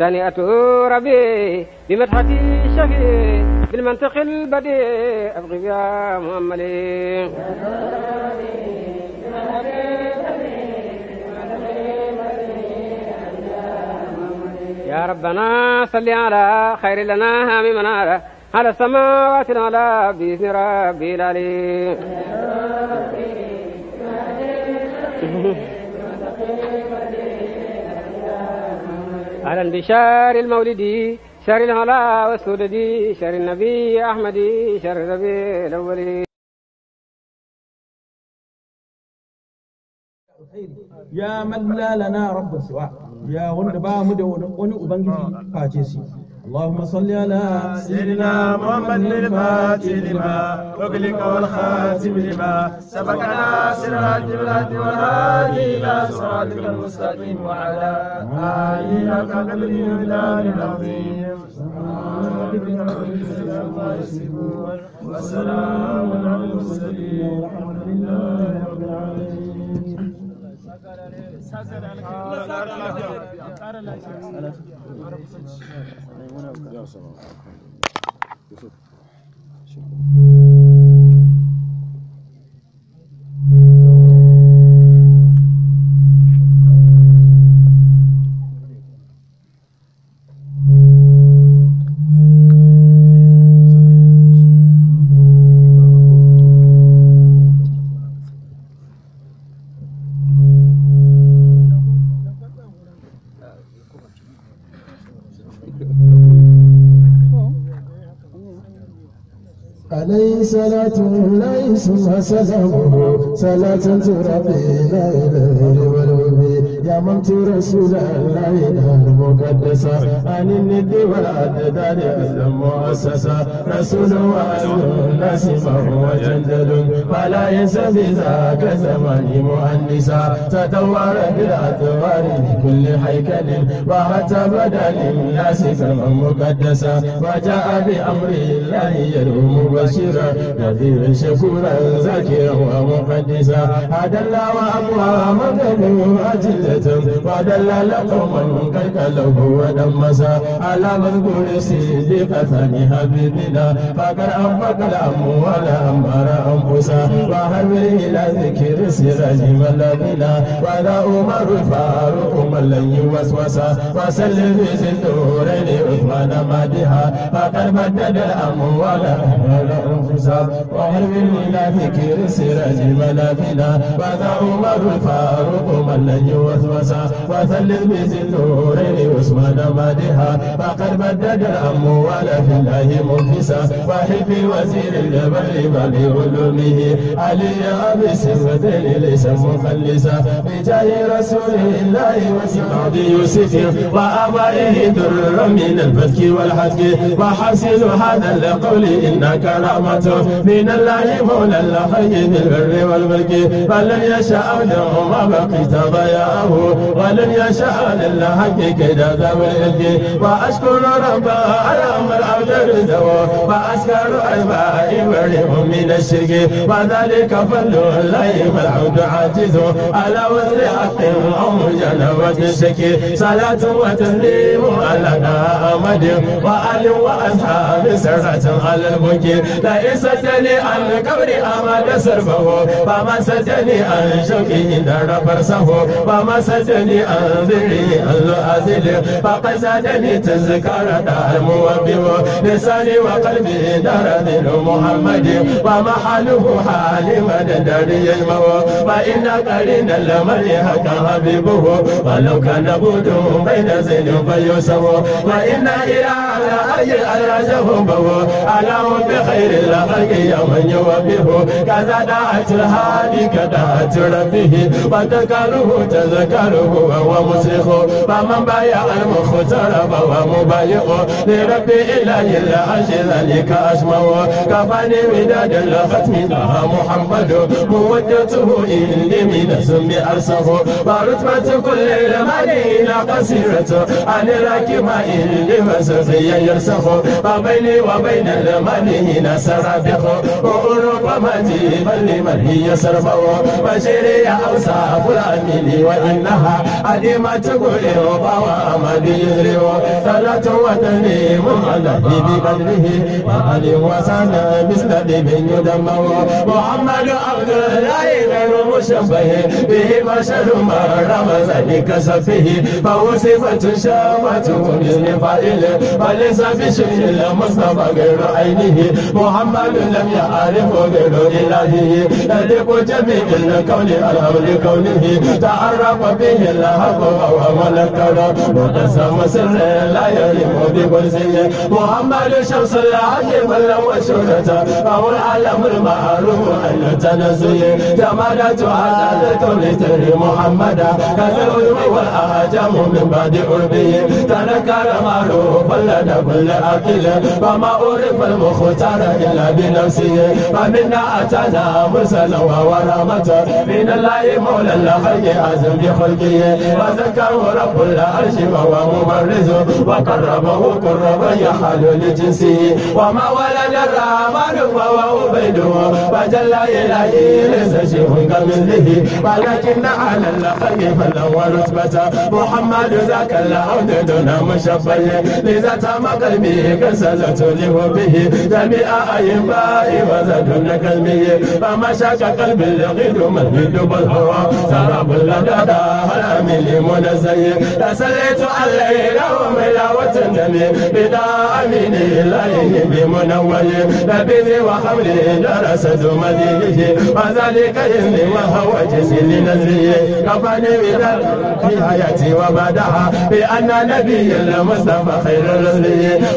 أتو ربي بمدحتي شفي بالمنطق البديع أبغي يا مؤملي يا ربنا صل على خير لنا هام منارة على السماوات العلى بإذن ربي العليم أهلا بشار المولد شر الهلا والسدد شر النبي أحمد شر ربيع الأول يا من لا لنا رب سواه يا وند با mu da wani ubangiji face shi اللهم صل على سيدنا محمد الفاتح لما وقلك والخاتم لما سبق ناصر الجبلات والهادي إلى صراطك المستقيم وعلى آله حق الله العظيم وسلام على المرسلين والحمد لله رب العالمين Yusuf. صلاة الله ثم سلامه صلاة ربنا إليه والوبي جاممت رسول الله المقدسة عن الند والعدد المؤسسة رسول وعلو الناس فهو جندل ولا ينسى بذاك الزمان مؤنسا تدور بالأدوار لكل هيكل وحتى بدا للناس كما مقدسا وجاء بأمر الله يدعو مبشرا نذير شكورا ذاكرا ومقدسا هدى الله وأموى مدنه أجل tun fadala lakomani kankalahu wadan masa alamun gore si de kasa ni habibina bakar an bakar amu wala an bara an kusa ba har wani ila zikiri siraji malamina ba da umaru faru kumallan yi waswasa ba sallin rizin dore ne usmana madiha bakar madadar amu wala an bara an kusa ba har wani ila zikiri siraji malamina ba da umaru faru kumallan yi waswasa وسوسة وثلث بذي النورين واسمد مدها فقد مدد ولا في الله منفسا وحبي وزير الجبل بليغ علومه علي بسمتين ليس مخلصا بجاه رسول الله وسعد يوسف وآبائه در من الفتك والحتك وحسن هذا القول إنك رحمة من الله مولى الحي بالبر والملك فلم يشاء لهم ما بقيت ضياء ولن يشاء لله كيدا ذاب الإلك وأشكر ربا على مرعب الرزو وأسكر عبائي بريهم من الشرك وذلك فل الله والعود عاجز على وزر حق أم جنوة الشكي صلاة وتسليم على أحمد وآل وأصحاب سرة على البكي لئستني عن قبر أمد سربه وما ستني عن شوكي عند رب رسه وما قصدني أذري الأذل فقصدني تذكر دعم وبه لساني وقلبي درد محمد ومحله حال من دري المو فإن قرين المريح كحبيبه ولو كان بود بين زين فيوسف وإن إلى أي أرجه بو على بخير الخلق يوم يوبه كذا دعت الهادي كذا ربه وتكره تذكر ذكره وهو مسرخ فمن بايع المختار فهو مبايع لربي إلهي العرش ذلك أشمع كفاني وداد الختم لها محمد مودته إني من الذنب أرسه ورتبة كل المالين قصيرة عن راكب إني فسخيا يرسخ وبيني وبين المالين سرابخ وأرق مجيبا لمن هي سربه بشيري أوصاف الأمين وإن إنها علمت قلوب وما بيزروا ثلاث وتنيم على في بدره وعلي وسنى مثل لمن يدمر محمد عبد الله غير مشبه به بشر ما رمز لكسفه فهو صفة شامة بإذن فائل وليس بشيء المصطفى غير عينه محمد لم يعرف غير إلهه يليق جميع الكون الأمر كونه تعرف به الحق وهو الكرم وقسم سر لا يلم ببرزه محمد شمس العلم والشهرة فهو العلم المعروف عن تنزه جمالة عزالة لتري محمدا كالعلم والأعجم من بعد عربه تنكر معروف لدى كل عقل فما عرف المختار إلا بنفسه فمنا أتانا مرسلا ورحمة من الله مولى الخير عزم ملكه وذكره رب العرش وهو مبرز وقربه قربا يحل لجنسه وما ولد الرحمن فهو عبيده وجل اليه ليس شيء كمثله ولكن على الخلق فله رتبة محمد ذاك العبد دون مشبه لذا تم قلبه قصة تلف به جميع أئمائه وزاد كلمه فما شاك قلب الغيد ملحد بالهوى سراب لدى هرم المنزه لا صليت عليه لو ملاوة دمي بدا أمين إليه بمنوي لبيبي وحملي درس زمديه وذلك إذني وهو جسي لنزلي كفاني بدل في حياتي وبدعها بأن نبي المصطفى خير الرسل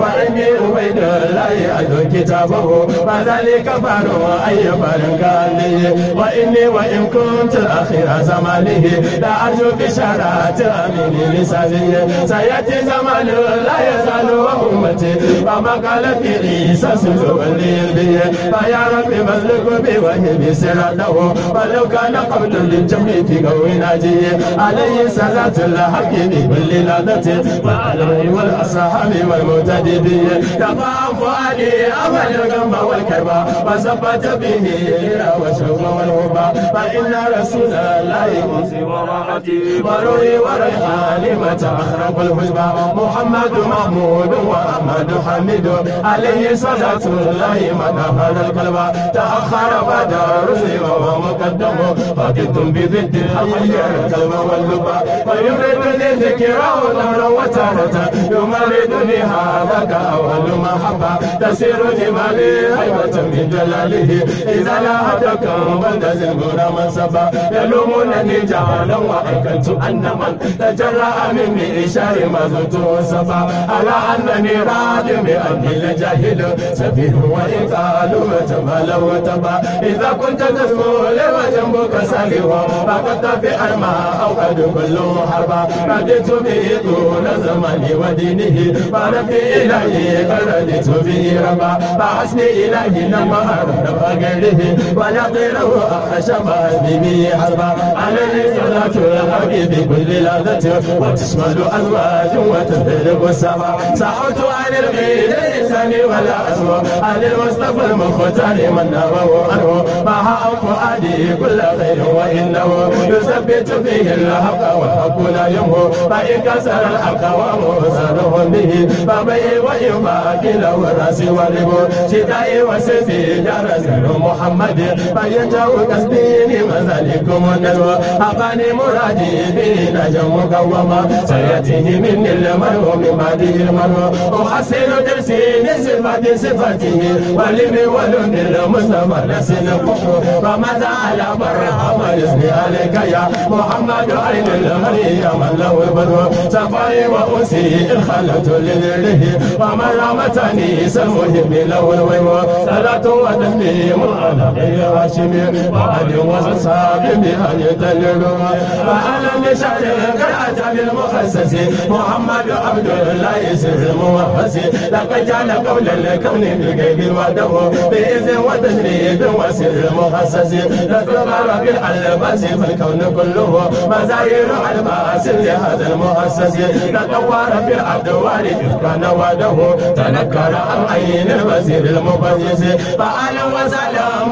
وإني أبيد الله أدو كتابه وذلك فارو أي فارن قال لي وإني وإن كنت آخر زمانه da ajo bishara ta amini bisa zinye saya ti zama lola ya zalo wa umati ba maka lafiri isa su zo wali biye ba ya rabbi mazluku bi wahi bi sira dawo ba lauka na kabdu bi jami fi gawi na jiye alayhi salatu la haki bi kulli la dati ba alayhi wal ashabi wal mutadi biye da ba an fu ali amal gamba wal karba ba sabata bihi ira wa shawwa wal huba ba inna راحتي وروي وريحاني متى أخرب الوجبة محمد محمود وأحمد حميد عليه صلاة الله من أفاد القلب تأخر فدار وهو مقدم فقدت بضد الحي القلب واللبى ويريدني ذكره نورا وتارة يمردني هذا كأول محبة تسير جمالي هيبة من جلاله إذا لا أتكم بند زمر من سبا يلومونني جعلا وأكدت أن من تجرأ مني شر ما زلت سبا على أنني راض بأني لجاهل سفيه وإن قالوا وتمالا وتبا إذا كنت تسمو وجنبك سليوا فقد في الماء أو قد كل حربا رددت به طول زماني ودينه فنفي إليه فرددت به ربا فحسني إليه لما أرد غيره ونقله أخشى ما به حربا عليه صلاة لذة يا حبيبي كل لذة وتشمل أزواج وتفرق السماء سحرت عن الغيد الإنسان ولا أسوى عن المصطفى المختار من نواه عنه مع فؤادي كل خير وإنه يثبت فيه الحق والحق لا يمه فإن كسر الأقوام سرهم به فبي ويباقي له الرأس والربو شتائي وسيفي جار سر محمد فينجو كسبيني وذلكم النجوى أغانم المرادي بنجم مقومة سيأتيه من المرء من بعده المرء أحسن درسي لصفة صفته ولم ولد المصطفى نسل القشر رمز على من رحم عليك يا محمد عين المريم لو بدو سفري وأسي الخلة لذله ومن رمتني سمهم لو الويم صلاة وتسليم على غير هاشم وعلي وأصحاب بأن يدللوا وعلى النشر قرأت بالمخصص محمد عبد الله سر الموفس لقد جعل قول الكون بالغيب وحده بإذن وتجريب وسر مخصص لتظهر بالألباس فالكون كله مزاير الباس لهذا المؤسس تطور في الأدوار جزءا وده تنكر عن عين الوزير المبجس فأهلا وسهلا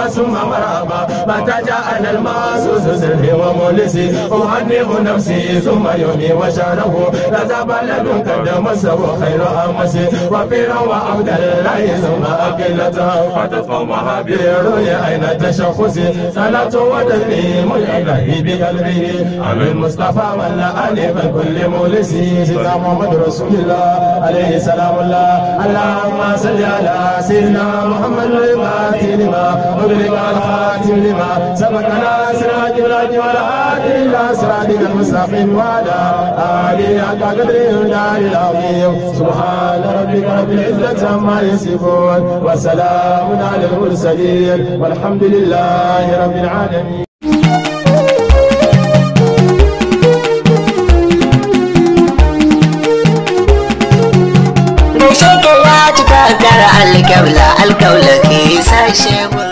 مرحبا ثم مرحبا متى جاءنا الماء سوسسره وملسي أهنئ نفسي ثم يومي وشاره لذا بلد قد مسه خير أمسي وفيرا وعبد الله ثم أقلتها فاتت قومها برؤيا أين تشخصي صلاة وتسليم إليه بقلبه على المصطفى ولا ألف كل مولسي سيدنا محمد رسول الله عليه سلام الله اللهم صل على سيدنا محمد الفاتح لما سبقنا سراج الراج والهادي الى صراطك المستقيم وعلى اله حق قدره دار العظيم سبحان ربك رب العزه ما يصفون وسلام على المرسلين والحمد لله رب العالمين Shake a lot to cut that alkaula, alkaula, kiss,